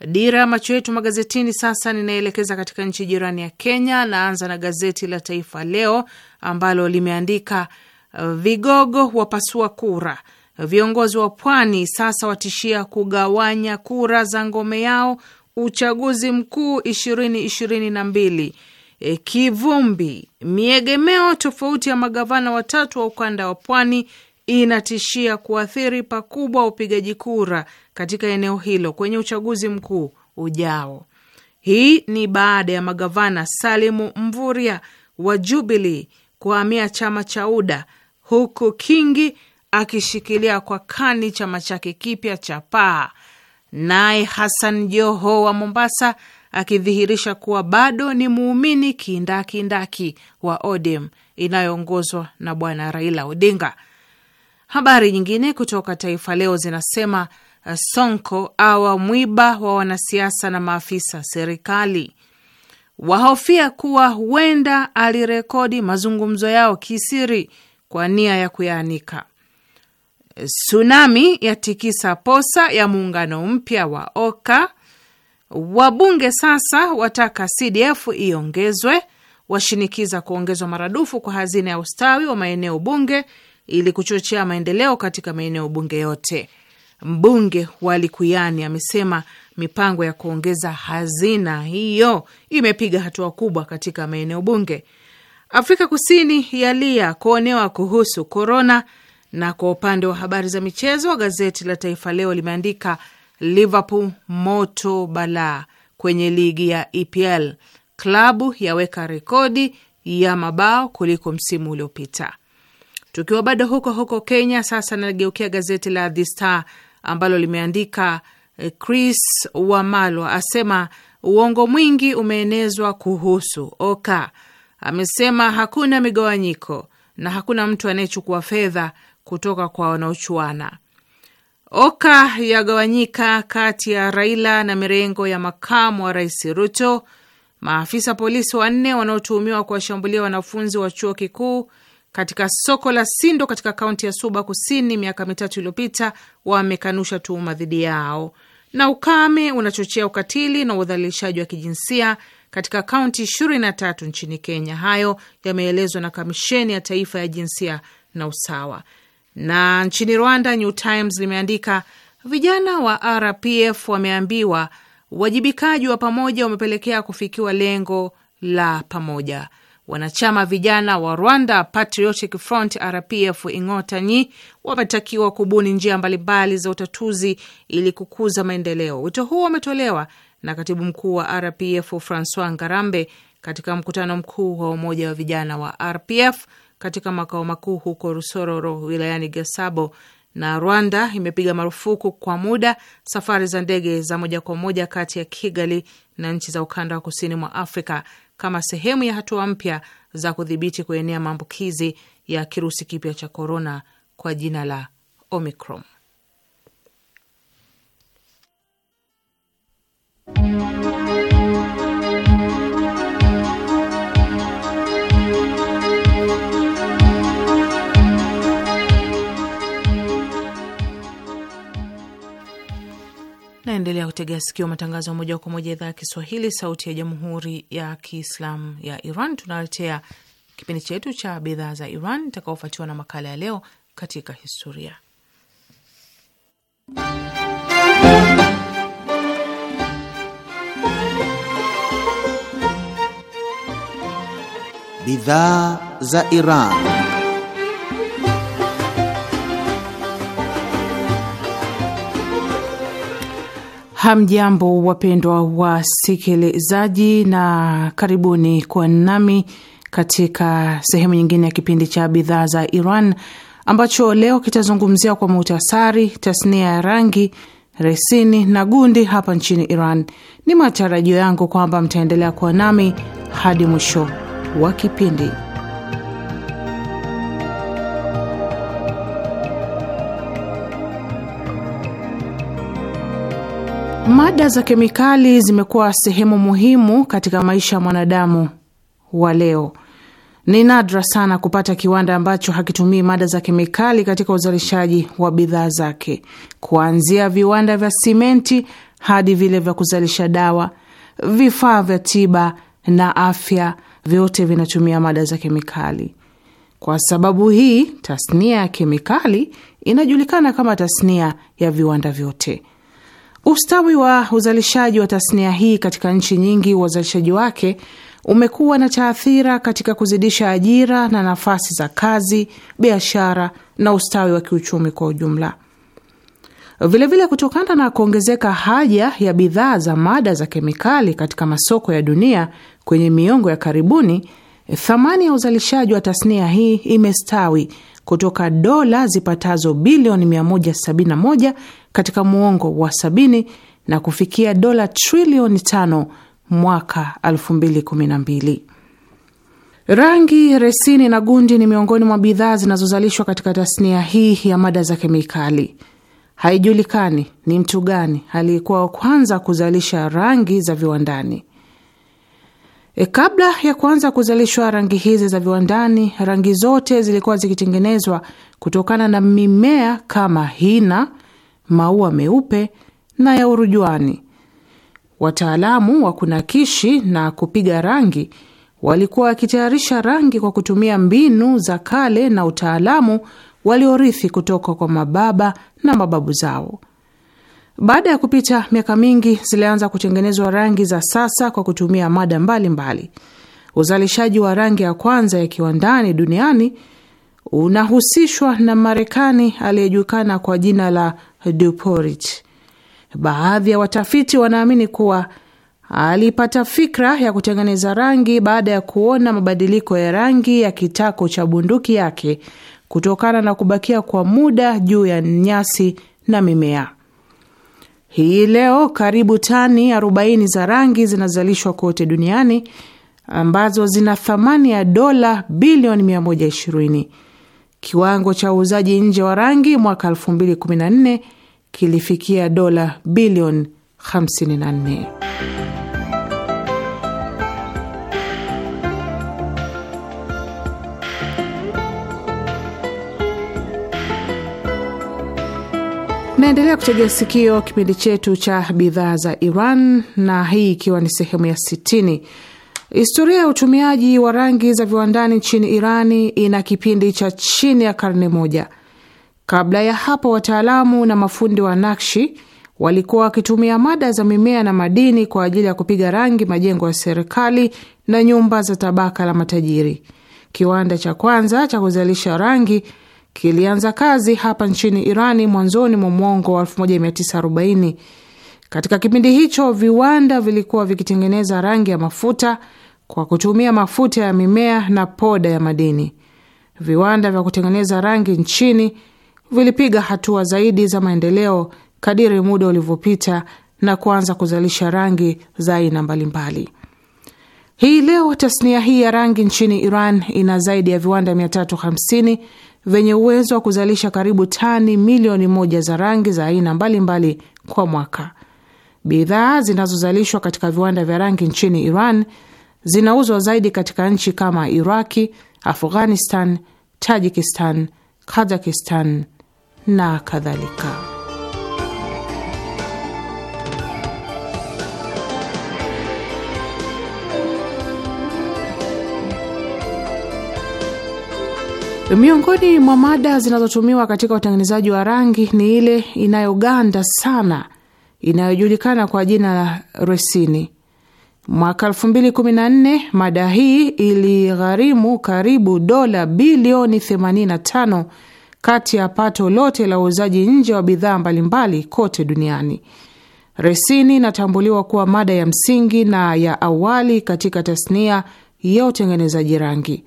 Dira ya macho yetu magazetini sasa ninaelekeza katika nchi jirani ya Kenya. Naanza na gazeti la Taifa Leo ambalo limeandika uh, vigogo wapasua kura, viongozi wa pwani sasa watishia kugawanya kura za ngome yao uchaguzi mkuu ishirini ishirini na mbili e, kivumbi. Miegemeo tofauti ya magavana watatu wa ukanda wa pwani inatishia kuathiri pakubwa upigaji kura katika eneo hilo kwenye uchaguzi mkuu ujao. Hii ni baada ya magavana Salimu Mvurya wa Jubilee kuhamia chama cha UDA huku Kingi akishikilia kwa kani chama chake kipya cha Paa naye Hassan Joho wa Mombasa akidhihirisha kuwa bado ni muumini kindakindaki wa ODM inayoongozwa na Bwana Raila Odinga. Habari nyingine kutoka Taifa Leo zinasema uh, Sonko awa mwiba wa wanasiasa na maafisa serikali, wahofia kuwa huenda alirekodi mazungumzo yao kisiri kwa nia ya kuyaanika. Tsunami yatikisa posa ya muungano mpya wa Oka. Wabunge sasa wataka CDF iongezwe, washinikiza kuongezwa maradufu kwa hazina ya ustawi wa maeneo bunge ili kuchochea maendeleo katika maeneo bunge yote. Mbunge wa Likuyani amesema mipango ya kuongeza hazina hiyo imepiga hatua kubwa katika maeneo bunge. Afrika Kusini yalia kuonewa kuhusu korona na kwa upande wa habari za michezo, gazeti la Taifa Leo limeandika Liverpool moto balaa kwenye ligi ya EPL, klabu yaweka rekodi ya mabao kuliko msimu uliopita. Tukiwa bado huko huko Kenya, sasa nageukia gazeti la The Star ambalo limeandika eh, Chris Wamalwa asema uongo mwingi umeenezwa kuhusu Oka. Amesema hakuna migawanyiko na hakuna mtu anayechukua fedha kutoka kwa wanaochuana. Oka yagawanyika kati ya Raila na mirengo ya makamu wa rais Ruto. Maafisa polisi wanne wanaotuhumiwa kuwashambulia wanafunzi wa chuo kikuu katika soko la Sindo katika kaunti ya Suba Kusini miaka mitatu iliyopita wamekanusha tuhuma dhidi yao. Na ukame unachochea ukatili na udhalilishaji wa kijinsia katika kaunti ishirini na tatu nchini Kenya. Hayo yameelezwa na Kamisheni ya Taifa ya Jinsia na Usawa. Na nchini Rwanda, New Times limeandika vijana wa RPF wameambiwa uwajibikaji wa pamoja umepelekea kufikiwa lengo la pamoja. Wanachama vijana wa Rwanda Patriotic Front RPF Ingotanyi wametakiwa kubuni njia mbalimbali za utatuzi ili kukuza maendeleo. Wito huo umetolewa na katibu mkuu wa RPF Francois Ngarambe katika mkutano mkuu wa umoja wa vijana wa RPF katika makao makuu huko Rusororo wilayani Gasabo. Na Rwanda imepiga marufuku kwa muda safari za ndege za moja kwa moja kati ya Kigali na nchi za ukanda wa kusini mwa Afrika kama sehemu ya hatua mpya za kudhibiti kuenea maambukizi ya kirusi kipya cha korona kwa jina la Omicron. Naendelea kutegea sikio matangazo ya moja kwa moja idhaa ya Kiswahili, sauti ya jamhuri ya kiislamu ya Iran. Tunaletea kipindi chetu cha bidhaa za Iran itakaofuatiwa na makala ya leo katika historia. Bidhaa za Iran. Hamjambo, wapendwa wasikilizaji, na karibuni kwa nami katika sehemu nyingine ya kipindi cha bidhaa za Iran ambacho leo kitazungumzia kwa muhtasari tasnia ya rangi, resini na gundi hapa nchini Iran. Ni matarajio yangu kwamba mtaendelea kuwa nami hadi mwisho wa kipindi. Mada za kemikali zimekuwa sehemu muhimu katika maisha ya mwanadamu wa leo. Ni nadra sana kupata kiwanda ambacho hakitumii mada za kemikali katika uzalishaji wa bidhaa zake, kuanzia viwanda vya simenti hadi vile vya kuzalisha dawa, vifaa vya tiba na afya, vyote vinatumia mada za kemikali. Kwa sababu hii, tasnia ya kemikali inajulikana kama tasnia ya viwanda vyote. Ustawi wa uzalishaji wa tasnia hii katika nchi nyingi, uzalishaji wake umekuwa na taathira katika kuzidisha ajira na nafasi za kazi, biashara na ustawi wa kiuchumi kwa ujumla. Vilevile, kutokana na kuongezeka haja ya bidhaa za mada za kemikali katika masoko ya dunia kwenye miongo ya karibuni, thamani ya uzalishaji wa tasnia hii imestawi kutoka dola zipatazo bilioni 171 katika muongo wa sabini na kufikia dola trilioni tano mwaka 2012. Rangi, resini na gundi ni miongoni mwa bidhaa zinazozalishwa katika tasnia hii ya mada za kemikali. Haijulikani ni mtu gani aliyekuwa wa kwanza kuzalisha rangi za viwandani. E, kabla ya kuanza kuzalishwa rangi hizi za viwandani, rangi zote zilikuwa zikitengenezwa kutokana na mimea kama hina, maua meupe na ya urujuani. Wataalamu wa kunakishi na kupiga rangi walikuwa wakitayarisha rangi kwa kutumia mbinu za kale na utaalamu waliorithi kutoka kwa mababa na mababu zao. Baada ya kupita miaka mingi, zilianza kutengenezwa rangi za sasa kwa kutumia mada mbalimbali. Uzalishaji wa rangi ya kwanza ya kiwandani duniani unahusishwa na Marekani aliyejulikana kwa jina la Duporit. Baadhi ya watafiti wanaamini kuwa alipata fikra ya kutengeneza rangi baada ya kuona mabadiliko ya rangi ya kitako cha bunduki yake kutokana na kubakia kwa muda juu ya nyasi na mimea. Hii leo karibu tani 40 za rangi zinazalishwa kote duniani ambazo zina thamani ya dola bilioni 120. Kiwango cha uuzaji nje wa rangi mwaka 2014 kilifikia dola bilioni 54. Naendelea kutegea sikio kipindi chetu cha bidhaa za Iran na hii ikiwa ni sehemu ya sitini. Historia ya utumiaji wa rangi za viwandani nchini Irani ina kipindi cha chini ya karne moja. Kabla ya hapo, wataalamu na mafundi wa nakshi walikuwa wakitumia mada za mimea na madini kwa ajili ya kupiga rangi majengo ya serikali na nyumba za tabaka la matajiri. Kiwanda cha kwanza cha kuzalisha rangi kilianza kazi hapa nchini Irani mwanzoni mwa mwongo wa 1940. Katika kipindi hicho viwanda vilikuwa vikitengeneza rangi ya mafuta kwa kutumia mafuta ya mimea na poda ya madini. Viwanda vya kutengeneza rangi nchini vilipiga hatua zaidi za maendeleo kadiri muda ulivyopita na kuanza kuzalisha rangi za aina mbalimbali. Hii leo tasnia hii ya rangi nchini Iran ina zaidi ya viwanda 350 vyenye uwezo wa kuzalisha karibu tani milioni moja za rangi za aina mbalimbali kwa mwaka. Bidhaa zinazozalishwa katika viwanda vya rangi nchini Iran zinauzwa zaidi katika nchi kama Iraki, Afghanistan, Tajikistan, Kazakistan na kadhalika. Miongoni mwa mada zinazotumiwa katika utengenezaji wa rangi ni ile inayoganda sana inayojulikana kwa jina la resini. Mwaka 2014 mada hii iligharimu karibu dola bilioni 85 kati ya pato lote la uuzaji nje wa bidhaa mbalimbali kote duniani. Resini inatambuliwa kuwa mada ya msingi na ya awali katika tasnia ya utengenezaji rangi.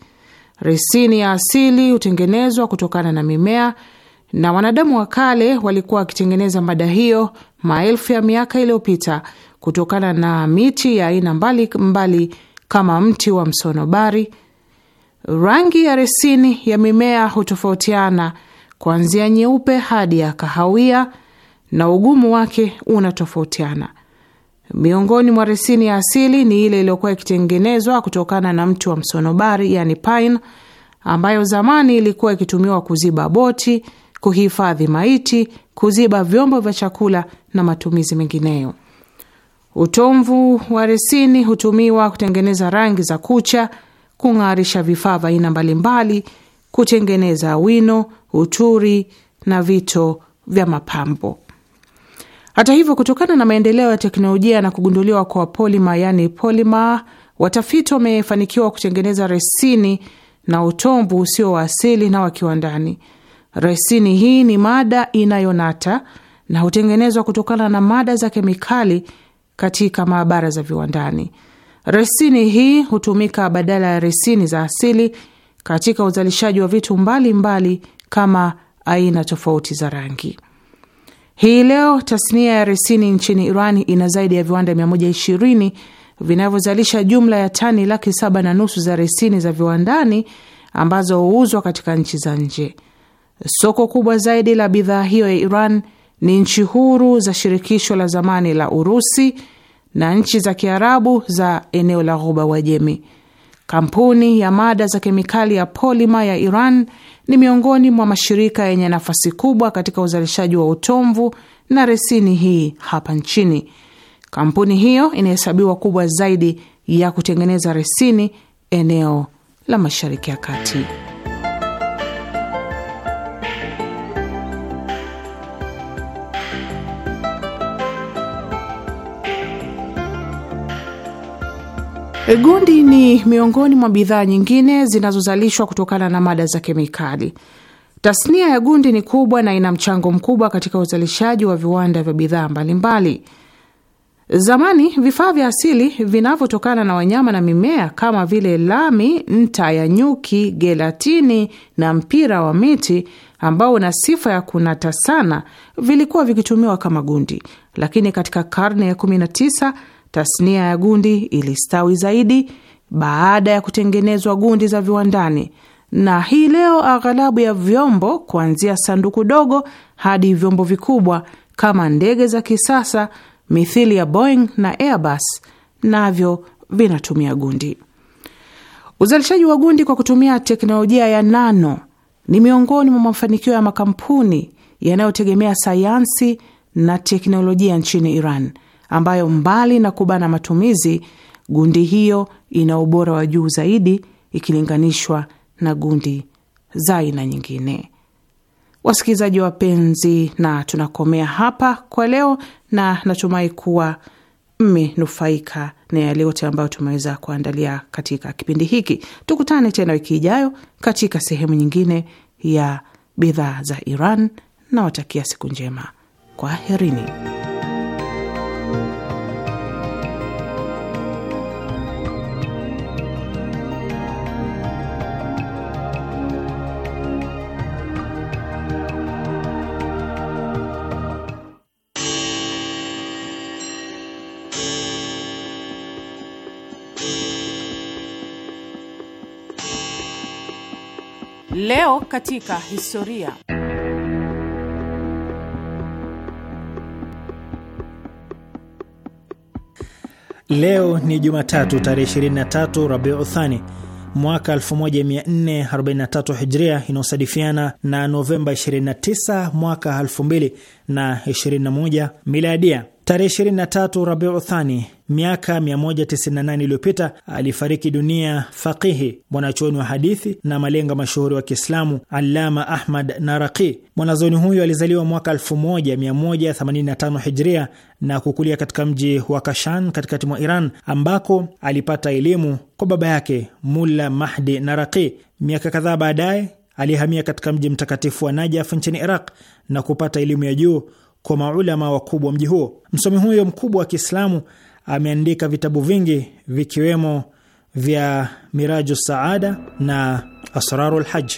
Resini ya asili hutengenezwa kutokana na mimea na wanadamu wa kale walikuwa wakitengeneza mada hiyo maelfu ya miaka iliyopita kutokana na miti ya aina mbalimbali kama mti wa msonobari. Rangi ya resini ya mimea hutofautiana kuanzia nyeupe hadi ya kahawia na ugumu wake unatofautiana. Miongoni mwa resini ya asili ni ile iliyokuwa ikitengenezwa kutokana na mti wa msonobari, yani pine, ambayo zamani ilikuwa ikitumiwa kuziba boti, kuhifadhi maiti, kuziba vyombo vya chakula na matumizi mengineyo. Utomvu wa resini hutumiwa kutengeneza rangi za kucha, kung'arisha vifaa vya aina mbalimbali, kutengeneza wino, uturi na vito vya mapambo. Hata hivyo, kutokana na maendeleo ya teknolojia na kugunduliwa kwa polima, yani polima, watafiti wamefanikiwa kutengeneza resini na utomvu usio wa asili na wa kiwandani. Resini hii ni mada inayonata na hutengenezwa kutokana na mada za kemikali katika maabara za viwandani. Resini hii hutumika badala ya resini za asili katika uzalishaji wa vitu mbalimbali mbali kama aina tofauti za rangi. Hii leo tasnia ya resini nchini iran ina zaidi ya viwanda 120 vinavyozalisha jumla ya tani laki saba na nusu za resini za viwandani ambazo huuzwa katika nchi za nje. Soko kubwa zaidi la bidhaa hiyo ya Iran ni nchi huru za shirikisho la zamani la Urusi na nchi za Kiarabu za eneo la Ghuba Wajemi. Kampuni ya mada za kemikali ya polima ya Iran ni miongoni mwa mashirika yenye nafasi kubwa katika uzalishaji wa utomvu na resini hii hapa nchini. Kampuni hiyo inahesabiwa kubwa zaidi ya kutengeneza resini eneo la Mashariki ya Kati. E, gundi ni miongoni mwa bidhaa nyingine zinazozalishwa kutokana na mada za kemikali. Tasnia ya gundi ni kubwa na ina mchango mkubwa katika uzalishaji wa viwanda vya bidhaa mbalimbali. Zamani vifaa vya asili vinavyotokana na wanyama na mimea kama vile lami, nta ya nyuki, gelatini na mpira wa miti ambao una sifa ya kunata sana vilikuwa vikitumiwa kama gundi, lakini katika karne ya 19 Tasnia ya gundi ilistawi zaidi baada ya kutengenezwa gundi za viwandani, na hii leo aghalabu ya vyombo kuanzia sanduku dogo hadi vyombo vikubwa kama ndege za kisasa mithili ya Boeing na Airbus navyo vinatumia gundi. Uzalishaji wa gundi kwa kutumia teknolojia ya nano ni miongoni mwa mafanikio ya makampuni yanayotegemea sayansi na teknolojia nchini Iran ambayo mbali na kubana matumizi, gundi hiyo ina ubora wa juu zaidi ikilinganishwa na gundi za aina nyingine. Wasikilizaji wapenzi, na tunakomea hapa kwa leo, na natumai kuwa mmenufaika na yale yote ambayo tumeweza kuandalia katika kipindi hiki. Tukutane tena wiki ijayo katika sehemu nyingine ya bidhaa za Iran. Nawatakia siku njema, kwaherini. Leo katika historia. Leo ni Jumatatu tarehe 23 Rabiu Thani mwaka 1443 Hijria, inayosadifiana na Novemba 29 mwaka 2021 Miladia. Tarehe 23 Rabiu Thani miaka 198 iliyopita alifariki dunia faqihi, mwanachuoni wa hadithi na malenga mashuhuri wa Kiislamu Allama Ahmad Naraqi. Mwanazuoni huyo alizaliwa mwaka 1185 Hijria na kukulia katika mji wa Kashan katikati mwa Iran, ambako alipata elimu kwa baba yake Mulla Mahdi Naraqi. Miaka kadhaa baadaye alihamia katika mji mtakatifu wa Najaf nchini Iraq na kupata elimu ya juu kwa maulama wakubwa mji huo. Msomi huyo mkubwa wa Kiislamu ameandika vitabu vingi vikiwemo vya Miraju Saada na Asraru Lhaj.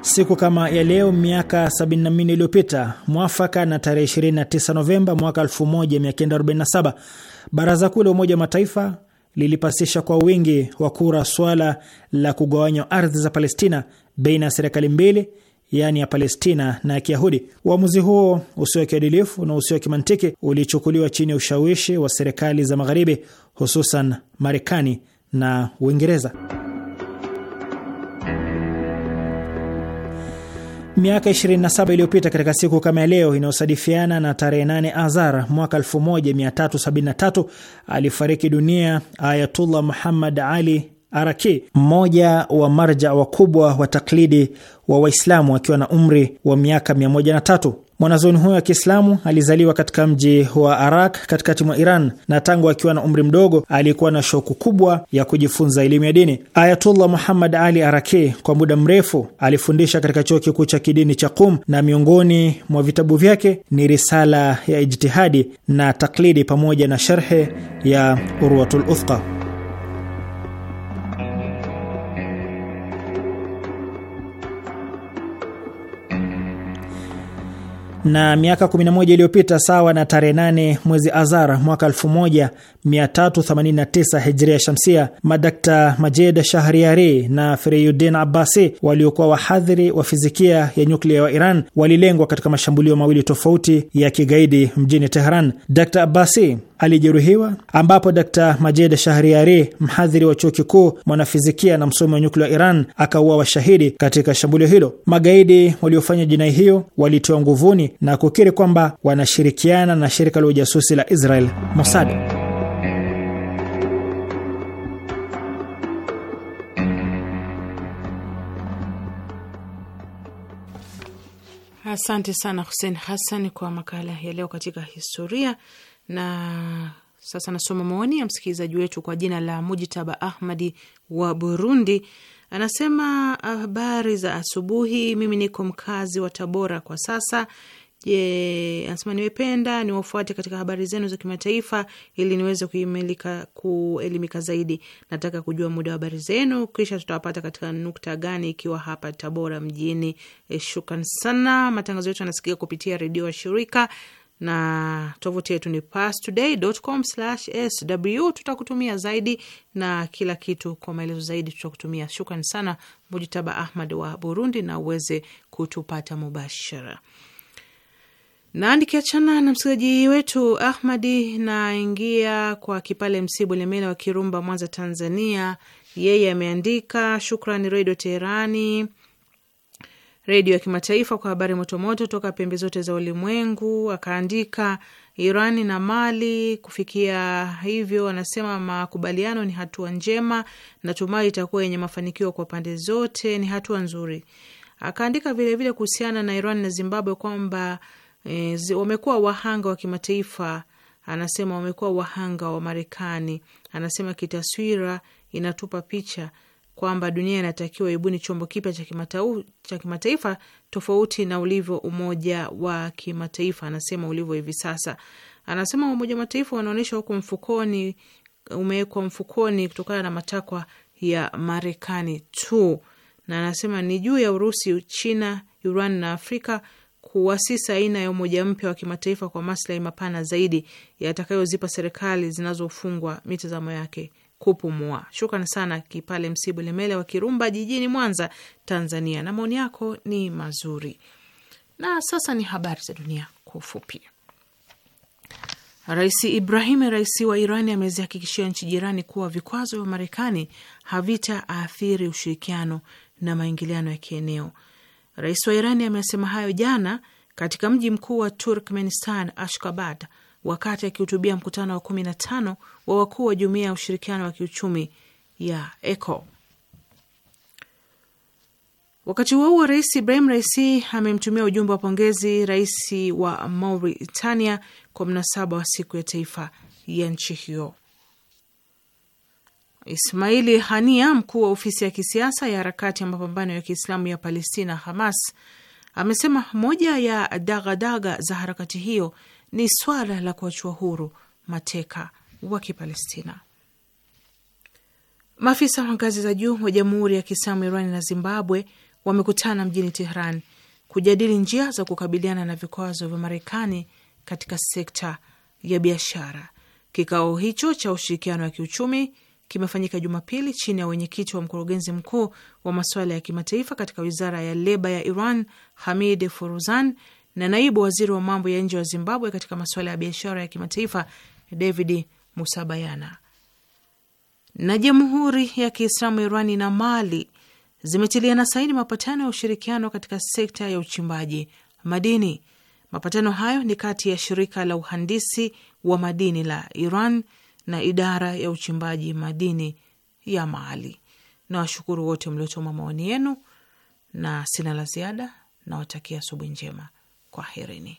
Siku kama ya leo miaka 74 iliyopita mwafaka na tarehe 29 Novemba mwaka 1947, Baraza Kuu la Umoja wa Mataifa lilipasisha kwa wingi wa kura swala la kugawanywa ardhi za Palestina baina ya serikali mbili yaani ya Palestina na ya Kiyahudi. Uamuzi huo usio wa kiadilifu na usio wa kimantiki ulichukuliwa chini ya ushawishi wa serikali za Magharibi, hususan Marekani na Uingereza. Miaka 27 iliyopita katika siku kama ya leo inayosadifiana na tarehe 8 Azar mwaka 1373 alifariki dunia Ayatullah Muhammad Ali RK, mmoja wa marja wakubwa wa taklidi wa Waislamu akiwa na umri wa miaka 103. Mwanazoni huyo wa Kiislamu alizaliwa katika mji wa Arak katikati mwa Iran, na tangu akiwa na umri mdogo alikuwa na shauku kubwa ya kujifunza elimu ya dini. Ayatullah Muhammad Ali Araki kwa muda mrefu alifundisha katika chuo kikuu cha kidini cha Qum, na miongoni mwa vitabu vyake ni risala ya Ijtihadi na Taklidi pamoja na sharhe ya Urwatul Uthqa. na miaka 11 iliyopita sawa na tarehe 8 mwezi Azar mwaka 389 hijria shamsia. Madakta Majed Shahriari na fereyudin Abbasi waliokuwa wahadhiri wa fizikia ya nyuklia wa Iran walilengwa katika mashambulio mawili tofauti ya kigaidi mjini Tehran. Dr Abbasi alijeruhiwa ambapo Dr Majed Shahriari, mhadhiri wa chuo kikuu, mwanafizikia na msomi wa nyuklia wa Iran, akaua washahidi katika shambulio hilo. Magaidi waliofanya jinai hiyo walitiwa nguvuni na kukiri kwamba wanashirikiana na shirika la ujasusi la Israel, Mossad. Asante sana Hussein Hassan kwa makala ya leo katika historia. Na sasa nasoma maoni ya msikilizaji wetu kwa jina la Mujitaba Ahmadi wa Burundi. Anasema habari za asubuhi, mimi niko mkazi wa Tabora kwa sasa Je, anasema nimependa niwafuate katika habari zenu za kimataifa ili niweze kuimilika kuelimika zaidi. Nataka kujua muda wa habari zenu, kisha tutawapata katika nukta gani ikiwa hapa Tabora mjini. E, shukran sana. Matangazo yetu yanasikika kupitia redio wa shirika na tovuti yetu ni pastoday.com/sw. Tutakutumia zaidi na kila kitu kwa maelezo zaidi tutakutumia. Shukran sana Mujitaba Ahmad wa Burundi, na uweze kutupata mubashara na ndikiachana na msikilizaji wetu Ahmadi naingia kwa Kipale Msibu Lemela wa Kirumba, Mwanza, Tanzania. Yeye ameandika shukrani Redio Teherani, redio ya kimataifa kwa habari motomoto toka pembe zote za ulimwengu. Akaandika Irani na Mali kufikia hivyo, anasema makubaliano ni hatua njema, natumai itakuwa yenye mafanikio kwa pande zote, ni hatua nzuri. Akaandika vilevile kuhusiana na iran na Zimbabwe kwamba e, wamekuwa wahanga wa kimataifa, anasema wamekuwa wahanga wa Marekani. Anasema kitaswira inatupa picha kwamba dunia inatakiwa ibuni chombo kipya cha kimataifa tofauti na ulivyo umoja wa kimataifa, anasema ulivyo hivi sasa. Anasema Umoja wa Mataifa wanaonyesha huku mfukoni, umewekwa mfukoni kutokana na matakwa ya Marekani tu, na anasema ni juu ya Urusi, China, Iran na Afrika kuasisi aina ya umoja mpya wa kimataifa kwa maslahi mapana zaidi yatakayozipa serikali zinazofungwa mitazamo yake kupumua. Shukran sana Kipale Msibu Lemele wa Kirumba jijini Mwanza, Tanzania, na maoni yako ni mazuri. Na sasa ni habari za dunia kwa ufupi. Rais Ibrahim Raisi wa Irani amezihakikishia nchi jirani kuwa vikwazo vya Marekani havitaathiri ushirikiano na maingiliano ya kieneo. Rais wa Irani amesema hayo jana katika mji mkuu wa Turkmenistan, Ashkabad, wakati akihutubia mkutano wa tano wa wakuu wa jumuiya ya ushirikiano wa kiuchumi ya ECO. Wakati huo huo, Rais Ibrahim Raisi amemtumia ujumbe wa pongezi rais wa Mauritania kwa mnasaba wa siku ya taifa ya nchi hiyo. Ismaili Hania, mkuu wa ofisi ya kisiasa ya harakati ya mapambano ya Kiislamu ya Palestina, Hamas, amesema moja ya dagadaga za harakati hiyo ni swala la kuachua huru mateka wa Kipalestina. Maafisa wa ngazi za juu wa Jamhuri ya Kiislamu Iran na Zimbabwe wamekutana mjini Tehran kujadili njia za kukabiliana na vikwazo vya Marekani katika sekta ya biashara. Kikao hicho cha ushirikiano wa kiuchumi kimefanyika Jumapili chini ya wenyekiti wa mkurugenzi mkuu wa masuala ya kimataifa katika wizara ya leba ya Iran, Hamid Furuzan, na naibu waziri wa mambo ya nje wa Zimbabwe katika masuala ya biashara ya kimataifa, David Musabayana. Na Jamhuri ya Kiislamu Irani na Mali zimetiliana saini mapatano ya ushirikiano katika sekta ya uchimbaji madini. Mapatano hayo ni kati ya shirika la uhandisi wa madini la Iran na idara ya uchimbaji madini ya Mali. Na washukuru wote mliotuma maoni yenu, na sina la ziada, nawatakia asubuhi njema. Kwaherini.